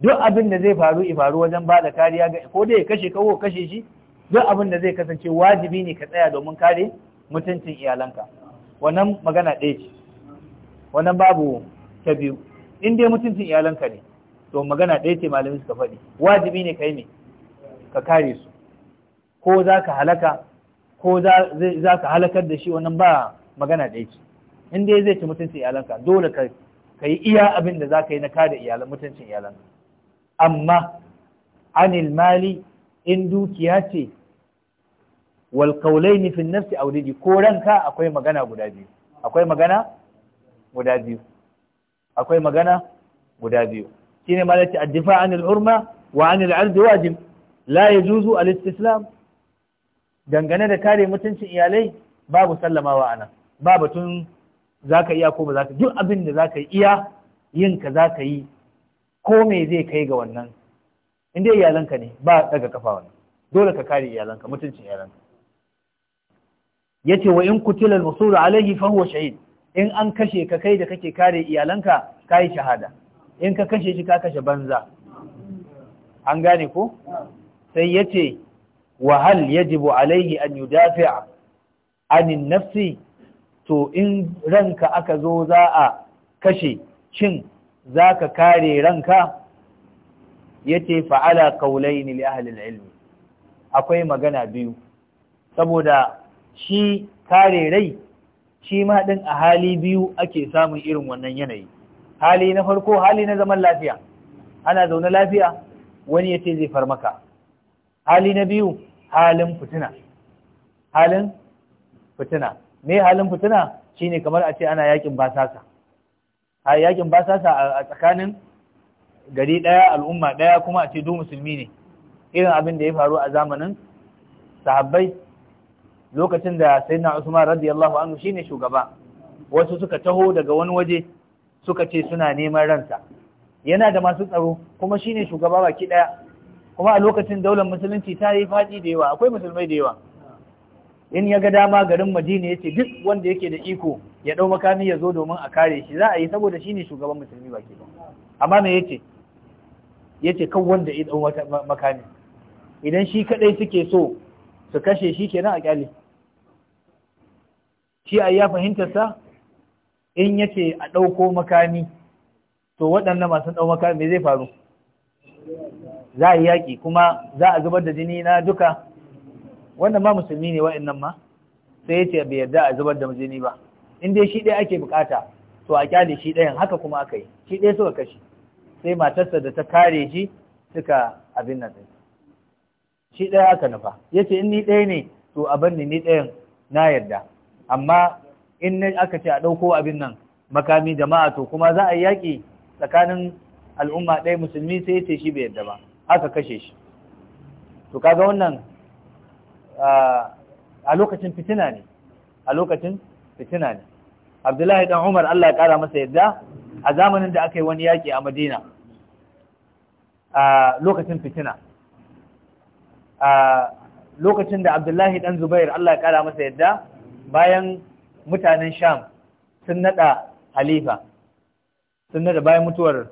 duk abin da zai faru i faru wajen ba da kariya ga ko dai kashe kawo kashe shi duk abin da zai kasance wajibi ne ka tsaya domin kare mutuncin iyalanka wannan magana ɗaya ce wannan babu ta biyu in dai mutuncin iyalanka ne to magana ɗaya ce malamai suka faɗi wajibi ne ka yi ne ka kare su ko za ka halaka ko za ka halakar da shi wannan ba magana da yake in dai zai ci mutuncin iyalanka dole ka yi iya abin da za ka yi na kada iyalan mutuncin iyalanka amma anil mali in dukiya ce wal qaulaini fi nafsi wuri ko ranka akwai magana guda biyu akwai magana guda biyu akwai magana guda biyu shine malati ad-difa' anil hurma wa anil 'ard wajib la yajuzu al-istislam dangane da kare mutuncin iyalai babu sallamawa ana ba batun za iya ko ba za duk abin da za iya yin ka za yi ko me zai kai ga wannan in dai iyalanka ne ba daga kafa wannan dole ka kare iyalanka mutuncin iyalanka yace wa in kutila al-musul alayhi fa huwa shahid in an kashe ka kai da kake kare iyalanka kai shahada in ka kashe shi ka kashe banza an gane ko sai yace وهل يجب عليه أن يدافع عن النفس to in ranka aka zo za a kashe cin za ka kare ranka ya ce fa'ala kaulai ne ahalil ilmi akwai magana biyu saboda shi kare rai shi maɗin a hali biyu ake samun irin wannan yanayi hali na farko hali na zaman lafiya ana zaune lafiya wani ya ce zai farmaka hali na biyu halin fitina halin fitina me halin fitina shine kamar a ce ana yakin basasa a yakin basasa a tsakanin gari daya al'umma daya kuma a ce duk musulmi ne irin abin da ya faru a zamanin sahabbai lokacin da sayyidina Usman radiyallahu anhu shine shugaba wasu suka taho daga wani waje suka ce suna neman ransa yana da masu tsaro kuma shine shugaba baki daya kuma a lokacin daular musulunci ta yi faɗi da yawa akwai musulmai da yawa in ya ga dama garin madina ya ce duk wanda yake da iko ya ɗau makami ya zo domin a kare shi za a yi saboda shi ne shugaban musulmi baki ba amma me ya ya ce kan wanda ya ɗau makami idan shi kaɗai suke so su kashe shi kenan a kyale shi a ya fahimtarsa in yace a ɗauko makami to waɗannan masu ɗau makami zai faru za a yi yaƙi kuma za a zubar da jini na duka wannan ma musulmi ne wa'annan ma sai ya ce bai yarda a zubar da jini ba in dai shi ɗaya ake bukata to a kyale shi ɗayan haka kuma aka yi shi ɗaya suka kashe sai matarsa da ta kare shi suka abin nan shi ɗaya aka nufa ya ce in ni ɗaya ne to a ni ɗayan na yarda amma in aka ce a ɗauko abin nan makami jama'a to kuma za a yi yaƙi tsakanin al'umma ɗaya musulmi sai ya ce shi bai yarda ba aka kashe shi to kaga wannan a lokacin fitina ne a lokacin fitina ne Abdullahi dan Umar Allah ya kara masa yadda a zamanin da aka yi wani yaƙi a Madina a lokacin fitina a lokacin da Abdullahi dan Zubair Allah ya kara masa yadda bayan mutanen Sham sun nada halifa sun nada bayan mutuwar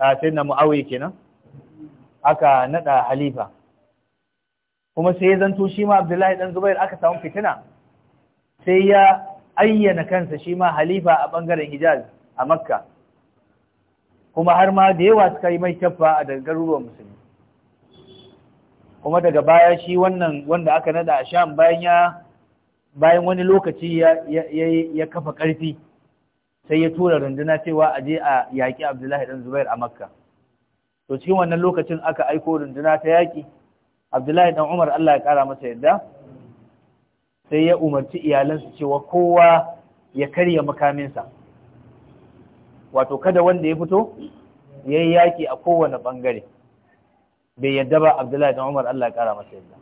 sayyidina mu'awai kenan aka naɗa halifa kuma sai ya zanto shi ma Abdullahi ɗan Zubair aka samu fitina sai ya ayyana kansa shi ma halifa a bangaren Hijaz a Makka kuma har ma da yawa suka yi mai kyaffa a daga garuruwan musulmi kuma daga baya shi wannan wanda aka naɗa a Sham bayan ya bayan wani lokaci ya kafa ƙarfi sai ya tura runduna cewa a je a yaƙi Abdullahi ɗan Zubair a Makka to cikin wannan lokacin aka aiko runduna ta yaƙi abdullahi dan umar allah ya ƙara masa yadda sai ya umarci iyalansu cewa kowa ya karya makaminsa wato kada wanda ya fito ya yi yaƙi a kowane ɓangare bai yadda ba abdullahi dan umar allah ya ƙara masa yadda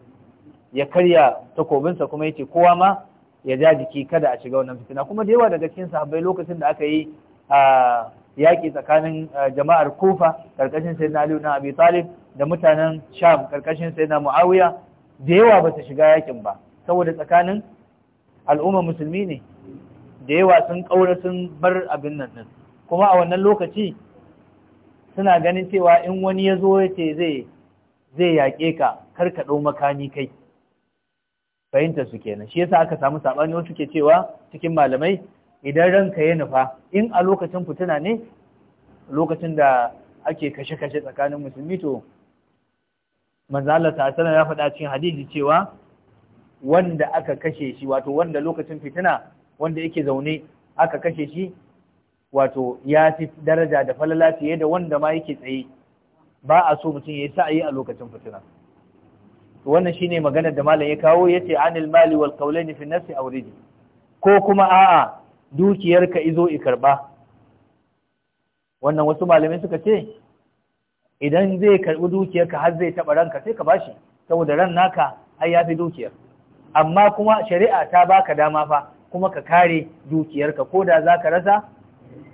ya karya takobinsa kuma ya ce kowa ma ya ja jiki kada a shiga wannan fitina kuma da yawa daga cikin sahabbai lokacin da aka yi a ah, yaƙi tsakanin eh, jama'ar kufa ƙarƙashin sayyidina aliyu na abi talib da mutanen sham ƙarƙashin sayyidina muawiya da yawa ba su shiga yaƙin ba saboda tsakanin al'ummar musulmi ne da yawa sun ƙaura sun bar abin nan din kuma a wannan lokaci suna ganin cewa in wani ya zo ya ce zai zai yaƙe ka kar ka ɗau makami kai fahimtar su kenan shi yasa aka samu saɓani wasu ke cewa cikin malamai idan ranka ya nufa in a lokacin fituna ne lokacin da ake kashe-kashe tsakanin musulmi to mazalata, sallallahu ya faɗa cikin hadisi cewa wanda aka kashe shi wato wanda lokacin fitina wanda yake zaune aka kashe shi wato ya fi daraja da falala fiye da wanda ma yake tsaye ba a so mutum ya yi sa'ayi a lokacin fitina wannan shine maganar da malam ya kawo yace anil mali wal qawlaini fi nafsi aw ko kuma a'a dukiyarka izo i karba wannan wasu malamai suka ce idan zai karbi dukiyarka har zai taba ranka sai ka bashi saboda ran naka ai ya fi dukiyar amma kuma shari'a ta baka dama fa kuma ka kare dukiyarka ko da za rasa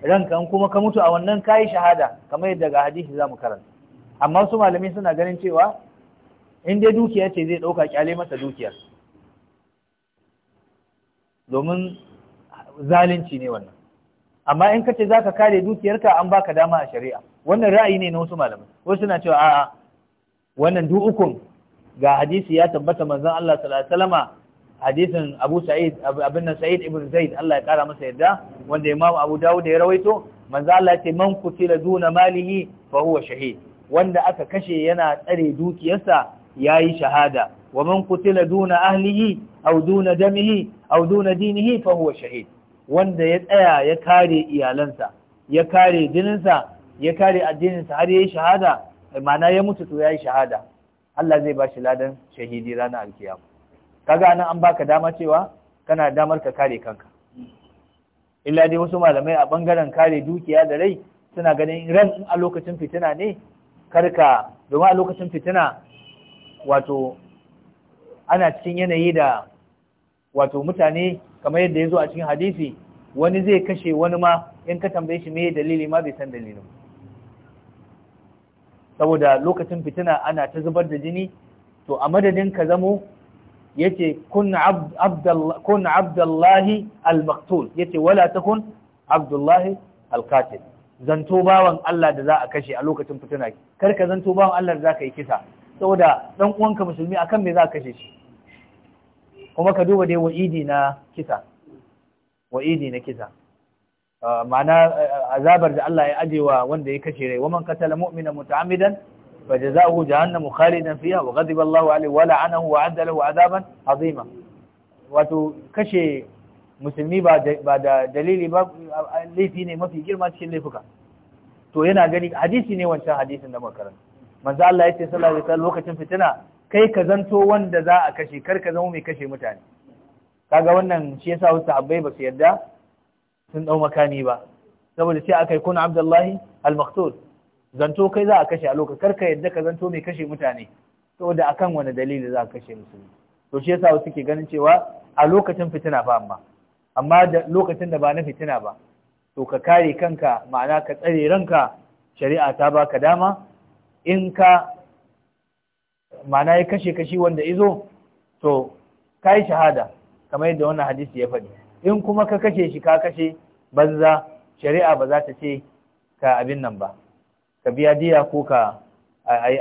ranka kuma ka mutu a wannan kai shahada kamar yadda ga hadisi zamu mu karanta amma su malami suna ganin cewa in dai dukiya ce zai ɗauka kyale masa dukiyar domin zalunci ne wannan amma in kace zaka kare dukiyarka an baka dama a shari'a wannan ra'ayi ne na wasu malamai wasu na cewa a'a wannan duk ukun ga hadisi ya tabbata manzon Allah sallallahu alaihi wasallama hadisin Abu Sa'id abin nan Sa'id ibn Zaid Allah ya kara masa yadda wanda Imam Abu Dawud ya rawaito manzo Allah ya ce man kutila duna malihi fa huwa shahid wanda aka kashe yana tsare dukiyarsa yayi shahada wa man kutila duna ahlihi aw duna damihi aw duna dinihi fa huwa shahid wanda ya tsaya ya kare iyalansa ya kare jininsa ya kare addininsa har ya yi shahada eh, ma'ana ya mutu to ya yi shahada Allah zai ba shi ladan shahidi ranar alkiyama kaga nan an baka dama cewa kana damar ka kare kanka illa dai wasu malamai a bangaren kare dukiya da rai suna ganin ran a lokacin fitina ne karka domin a lokacin fitina wato ana cikin yanayi da wato mutane kamar yadda ya zo a cikin hadisi wani zai kashe wani ma in ka tambaye shi me dalili ma bai san dalilin saboda lokacin fitina ana ta zubar da jini to a madadin ka zamo yace kun Abdullahi kun abdullahi al-maqtul yace wala takun abdullahi al-qatil zanto bawan Allah da za a kashe a lokacin fitina kar ka zanto bawan Allah da za ka yi kisa saboda dan uwanka musulmi akan me za ka kashe shi kuma ka duba dai wa'idi na kisa wa'idi na kisa ah, ma'ana eh, azabar da Allah ya ajewa wanda ya kashe rai waman katala mu'mina muta'ammidan fiha wa ghadiba Allah alayhi wa la'anahu wa 'adda lahu 'adaban 'azima wato kashe musulmi ba da dalili ba laifi ne mafi girma cikin laifuka to yana gani hadisi ne wancan hadisin da makaranta manzo Allah ya ce sallallahu alaihi wasallam lokacin fitina kai ka zanto wanda za a kashe kar ka zama mai kashe mutane kaga wannan shi yasa wasu sahabbai ba su yarda sun dau makami ba saboda sai akai yi kuna abdullahi al maqtul zanto kai za a kashe a lokacin kar ka yadda ka zanto mai kashe mutane saboda akan wani dalili za a kashe musulmi to shi yasa wasu ke ganin cewa a lokacin fitina ba amma amma da lokacin da ba na fitina ba to ka kare kanka ma'ana ka tsare ranka shari'a ta baka dama in ka ma'ana ya kashe kashi wanda izo to yi shahada kamar yadda wannan hadisi ya faɗi in kuma ka kashe shi ka kashe banza shari'a ba za ta ce ka abin nan ba ka biya diya ko ka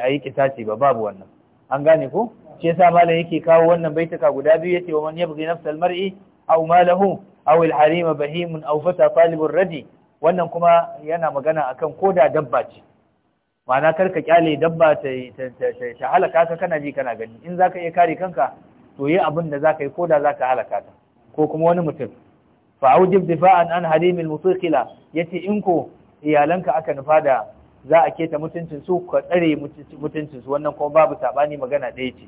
yi kitaci ba babu wannan an gane ko shi sa malam yake kawo wannan baitaka guda biyu yace wa man yabghi nafsal mar'i aw malahu aw al bahimun aw fata radi wannan kuma yana magana akan ko da dabba ce ma'ana kar ka kyale dabba ta ta halaka ka kana ji kana gani in zaka iya kare kanka to yi abin da zaka yi koda zaka halaka ta ko kuma wani mutum fa aujib difa'an an harimil musiqila yace in ko iyalanka aka nufa da za a keta mutuncin su ka tsare mutuncin su wannan kuma babu sabani magana ɗaya ce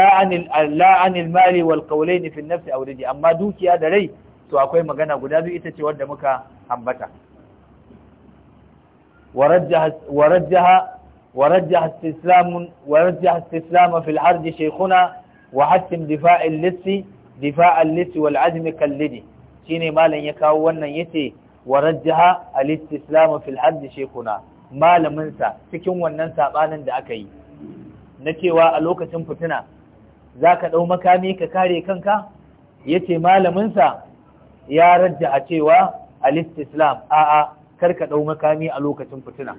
la anil mali wal qawlain fi an-nafs aw amma dukiya da rai to akwai magana guda biyu ita ce wadda muka ambata ورجح ورجح استسلام ورجح استسلام في العرج شيخنا وحتم دفاع اللص دفاع اللص والعزم كاللدي شيني مالا يكاو wannan yace ورجح الاستسلام في العرج شيخنا malamin sa cikin wannan sabanin da aka yi na cewa a lokacin fitina zaka dau makami ka kare kanka yace malamin sa ya rajja a cewa al-istislam a'a kar ka dau makami a lokacin fitina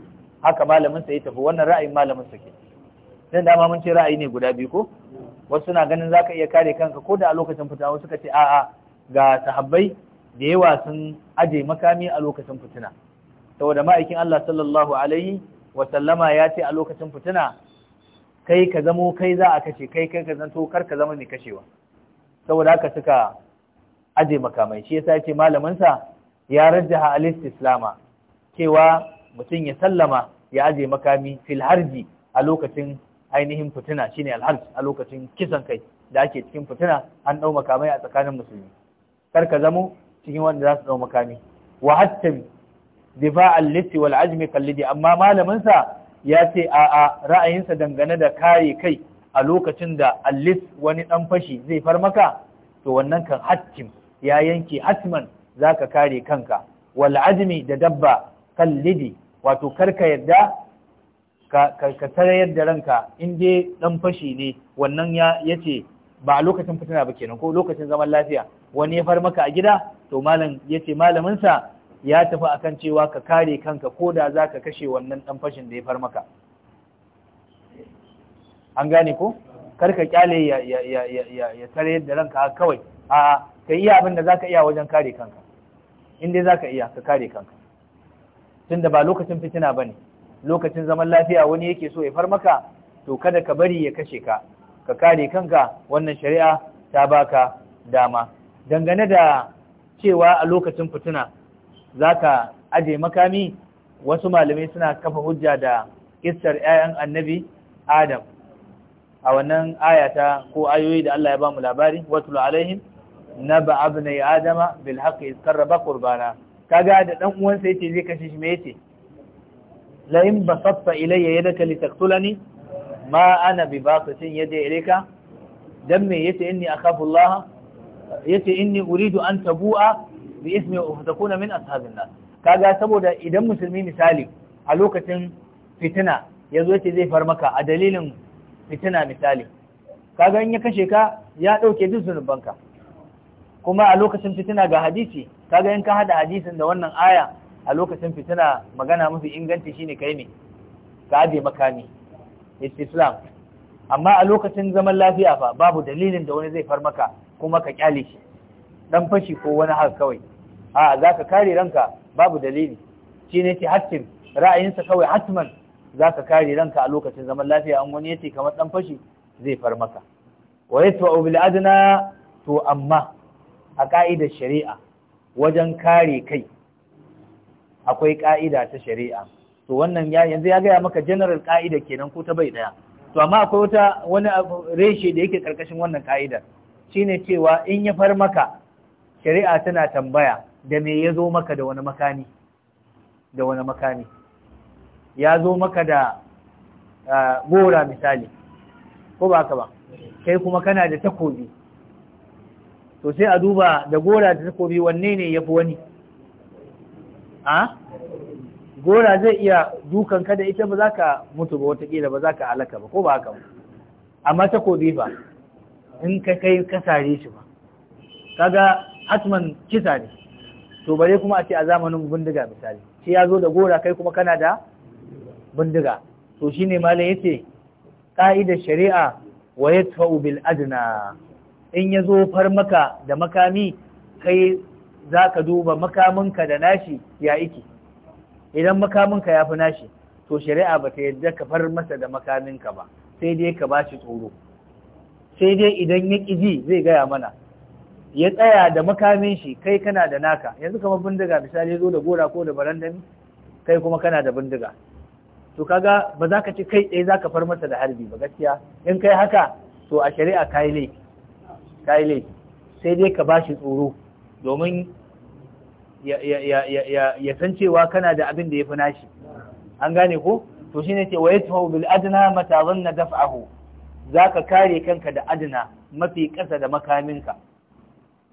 haka malamin ya tafi wannan ra'ayin malamin sa ke dan dama mun ce ra'ayi ne guda biyu ko wasu na ganin zaka iya kare kanka ko da a lokacin fitina wasu suka ce a'a ga sahabbai da yawa sun aje makami a lokacin fitina saboda ma'aikin Allah sallallahu alaihi wa sallama ya ce a lokacin fitina kai ka zamo kai za a kashe kai kai ka zanto kar ka zama mai kashewa saboda haka suka aje makamai shi yasa yace malamin sa ya rajjaha al-istislama cewa mutum ya sallama ya aje makami fil a lokacin ainihin fitina shine alharj a lokacin kisan kai da ake cikin fitina an dau makamai a tsakanin musulmi kar ka zamo cikin wanda za su dau makami wa hatta difa'al lisi wal ajmi kallidi amma malamin sa ya ce a'a ra'ayinsa dangane da kare kai a lokacin da allis wani ɗan fashi zai far maka to wannan kan hattim ya yanke hatman ka kare kanka wal ajmi da dabba Kallidi, wato karka yadda ka ka tarayar da ranka in dai dan fashi ne wannan ya yace ba a lokacin fitina ba kenan ko lokacin zaman lafiya wani ya far maka a gida to malam yace malamin sa ya tafi akan cewa ka kare kanka ko da za ka kashe wannan dan fashin da ya far maka an gane ko karka kyale ya ya ya ya ya tarayar da ranka kawai a ka iya abin da zaka iya wajen kare kanka in dai zaka iya ka kare kanka tunda ba lokacin fitina ba ne, lokacin zaman lafiya wani yake so ya farmaka? to kada ka bari ya kashe ka ka kare kanka wannan shari'a ta baka dama dangane da cewa a lokacin fitina zaka aje makami wasu malamai suna kafa hujja da kissar 'ya'yan annabi Adam a wannan ayata ko ayoyi da Allah ya ba mu labari watul alaihim naba abnai adama bil haqqi qarraba qurbana kaga da dan uwansa yace zai kashe shi me yace la in basatta ilayya yadaka litaqtulani ma ana bi basatin yadi ilayka dan me yace inni akhafu Allah yace inni uridu an tabu'a bi ismi wa takuna min ashabin nas kaga saboda idan musulmi misali a lokacin fitina yazo yace zai far maka a dalilin fitina misali kaga in ya kashe ka ya dauke duk zunubanka kuma a lokacin fitina ga hadisi kaga in ka hada hadisin da wannan aya a lokacin fitina magana mafi inganci shine kai ne ka aje makami islam amma a lokacin zaman lafiya fa babu dalilin da wani zai far maka kuma ka kyale shi dan fashi ko wani haka kawai a za ka kare ranka babu dalili shi ne ce hattim ra'ayinsa kawai hatman za ka kare ranka a lokacin zaman lafiya an wani yace kamar dan fashi zai far maka wa yatwa bil adna to amma a ka'idar shari'a wajen kare kai akwai ƙa'ida ta shari'a to wannan yanzu ya gaya maka general ƙa'ida kenan ko ta bai ɗaya to amma akwai wata wani reshe da yake ƙarƙashin wannan ƙa'idar shine cewa in ya far maka shari'a tana tambaya da me ya zo maka da wani makani da wani makani ya zo maka da ah, gora misali ko ba ka ba kai kuma kana da takobi to sai a duba da gora da takobi wanne ne ya fi wani a gora zai iya dukan kada ita ba za ka mutu ba watakila ba za ka alaka ba ko ba haka ba amma takobi ba in ka kai ka sare shi ba kaga hatman kisa ne to bare kuma a ce a zamanin bindiga misali shi ya zo da gora kai kuma kana da bindiga to shine malam yace ka'idar shari'a wa yadfa'u bil adna in ya zo farmaka da makami kai za ka duba makaminka da nashi ya iki idan makaminka ya fi nashi to shari'a ba ta yadda ka far masa da makaminka ba sai dai ka ba shi tsoro sai dai idan ya ƙiji zai gaya mana ya tsaya da makamin shi kai kana da naka yanzu kamar bindiga misali zo da gora ko da barandami kai kuma kana da bindiga to kaga ba za ka ci kai tsaye za ka far masa da harbi ba gaskiya in kai haka to a shari'a ka yi laifi kayi sai dai ka bashi tsoro domin ya san cewa kana da abin da ya fi nashi an gane ko to shine ce wa yatfa'u bil adna mata dhanna daf'ahu zaka kare kanka da adna mafi ƙasa da makaminka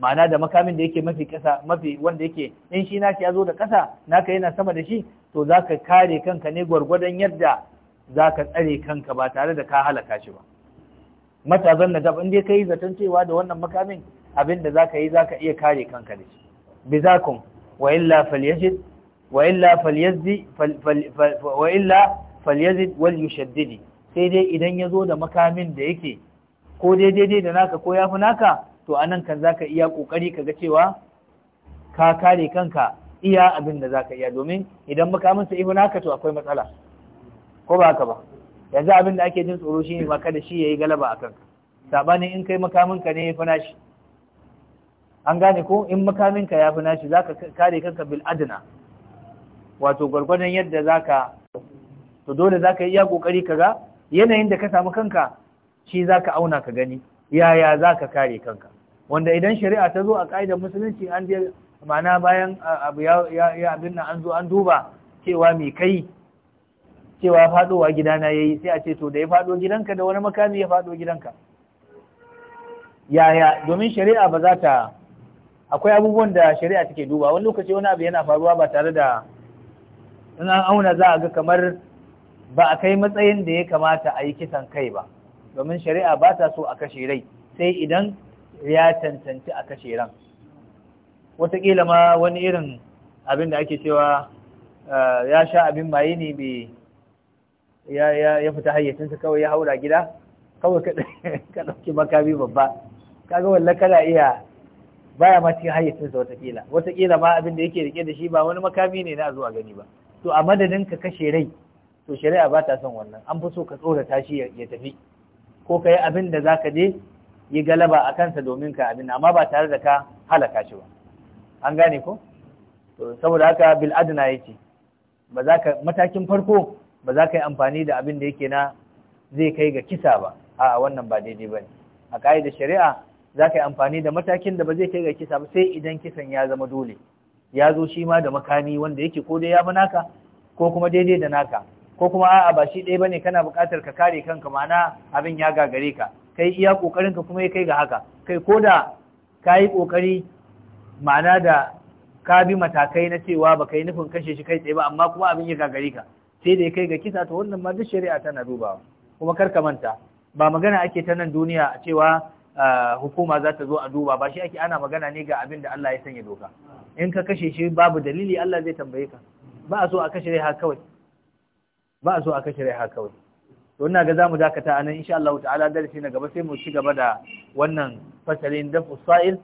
ma'ana da makamin da yake mafi ƙasa mafi wanda yake in shi naki ya zo da ƙasa naka yana sama da shi to zaka kare kanka ne gwargwadon yadda zaka tsare kanka ba tare da ka halaka shi ba matazan gaba inda ya kai zaton cewa da wannan makamin abinda da ka yi za ka iya kare kanka da shi bi za illa wa illa falyazid wal yushaddidi sai dai idan ya zo da makamin da yake ko dai daidai da naka ko yafi naka to nan kan za ka iya kokari ga cewa ka kare kanka iya abin da ka iya domin idan makamin sa ifi naka to akwai matsala ko ba haka ba yanzu abin da ake jin tsoro ne ba kada shi ya yi galaba a kanka sabanin in kai makaminka ne ya fi shi an gane ko in makaminka ya fi nashi shi ka kare kanka bil adina wato gwargwadon yadda za ka. to dole ka yi iya kokari ga yanayin da ka samu kanka shi za ka auna ka gani yaya za ka kare kanka wanda idan shari'a ta zo a ka'idar musulunci an je ma'ana bayan abu ya abin nan an zo an duba cewa me kai cewa faɗowa gidana ya yi, sai a ce to da ya faɗo gidanka da wani makami ya faɗo gidanka yaya domin shari'a ba za ta akwai abubuwan da shari'a take duba wani lokaci wani abu yana faruwa ba tare da in an auna za a ga kamar ba a kai matsayin da ya kamata a yi kisan kai ba domin shari'a ba ta so a kashe rai sai idan ya cancanci a kashe ran wataƙila ma wani irin abin da ake cewa eh, ya sha abin maye ne bai ya fita hayyacinsa kawai ya haura gida kawai ka ɗauki makami babba kaga wallan kana iya baya ma cikin hayyacinsa watakila watakila ma abin da yake rike da shi ba wani makami ne na zuwa gani ba to a madadin ka kashe rai to shari'a ba ta son wannan an fi so ka tsorata shi ya tafi ko ka yi abin da zaka je yi galaba a kansa domin ka abin amma ba tare da ka halaka shi ba an gane ko saboda haka bil ya ce. ba za ka matakin farko ba za ka yi amfani da abin da yake na zai kai ga kisa ba a wannan ba daidai ba ne a ƙa'idar shari'a za ka yi amfani da matakin da ba zai kai ga kisa ba sai idan kisan ya zama dole ya zo shi ma da makami wanda yake ko dai ya fi naka ko kuma daidai da naka ko kuma a'a ba shi ɗaya bane kana buƙatar ka kare kanka ma'ana abin ya gagare ka kai iya ƙoƙarin ka kuma ya kai ga haka kai ko da ka yi ƙoƙari ma'ana da ka bi matakai na cewa ba ka yi nufin kashe shi kai tsaye ba amma kuma abin ya gagare ka sai dai kai ga kisa to wannan ma duk shari'a tana dubawa kuma kar ka manta ba magana ake ta nan duniya cewa hukuma za ta zo a duba ba shi ake ana magana ne ga abin da Allah ya sanya doka in ka kashe shi babu dalili Allah zai tambaye ka ba a so a kashe rai ha kawai ba a so a kashe rai ha kawai to ina ga zamu dakata anan insha Allah ta'ala darasi na gaba sai mu ci gaba da wannan fasalin da fusail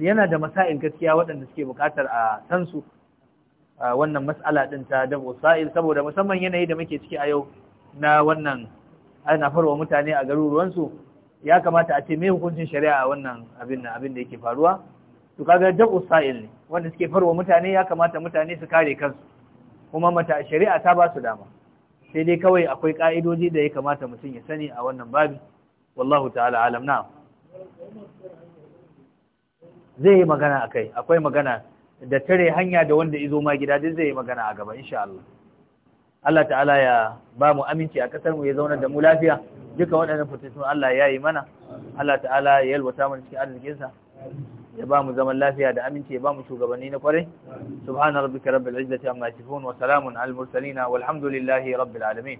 yana da masail gaskiya waɗanda suke buƙatar a san su wannan mas'ala ɗin ta dabu sa'il saboda musamman yanayi da muke ciki a yau na wannan ana farwa mutane a garuruwansu ya kamata a ce me hukuncin shari'a a wannan abin nan abin da yake faruwa to kaga dabu sa'il ne wanda suke farwa mutane ya kamata mutane su kare kansu kuma mata shari'a ta ba su dama sai dai kawai akwai ka'idoji da ya kamata mutum ya sani a wannan babi wallahu ta'ala alam na zai yi magana akai akwai magana da tare hanya da wanda izo ma gida dai zai magana a gaba insha Allah Allah ta'ala ya ba mu aminci a kasar mu ya zauna da mu lafiya duka waɗannan fitattun Allah ya yi mana Allah ta'ala ya yalwata mana cikin arzikinsa ya ba mu zaman lafiya da aminci ya ba mu shugabanni na kwarai subhana rabbika rabbil izzati amma yasifun wa salamun al mursalin walhamdulillahi rabbil alamin